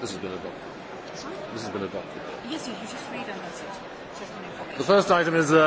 This has been adopted. This has been adopted. Yes, yes, you just read and that's it. Just an The first item is. Uh,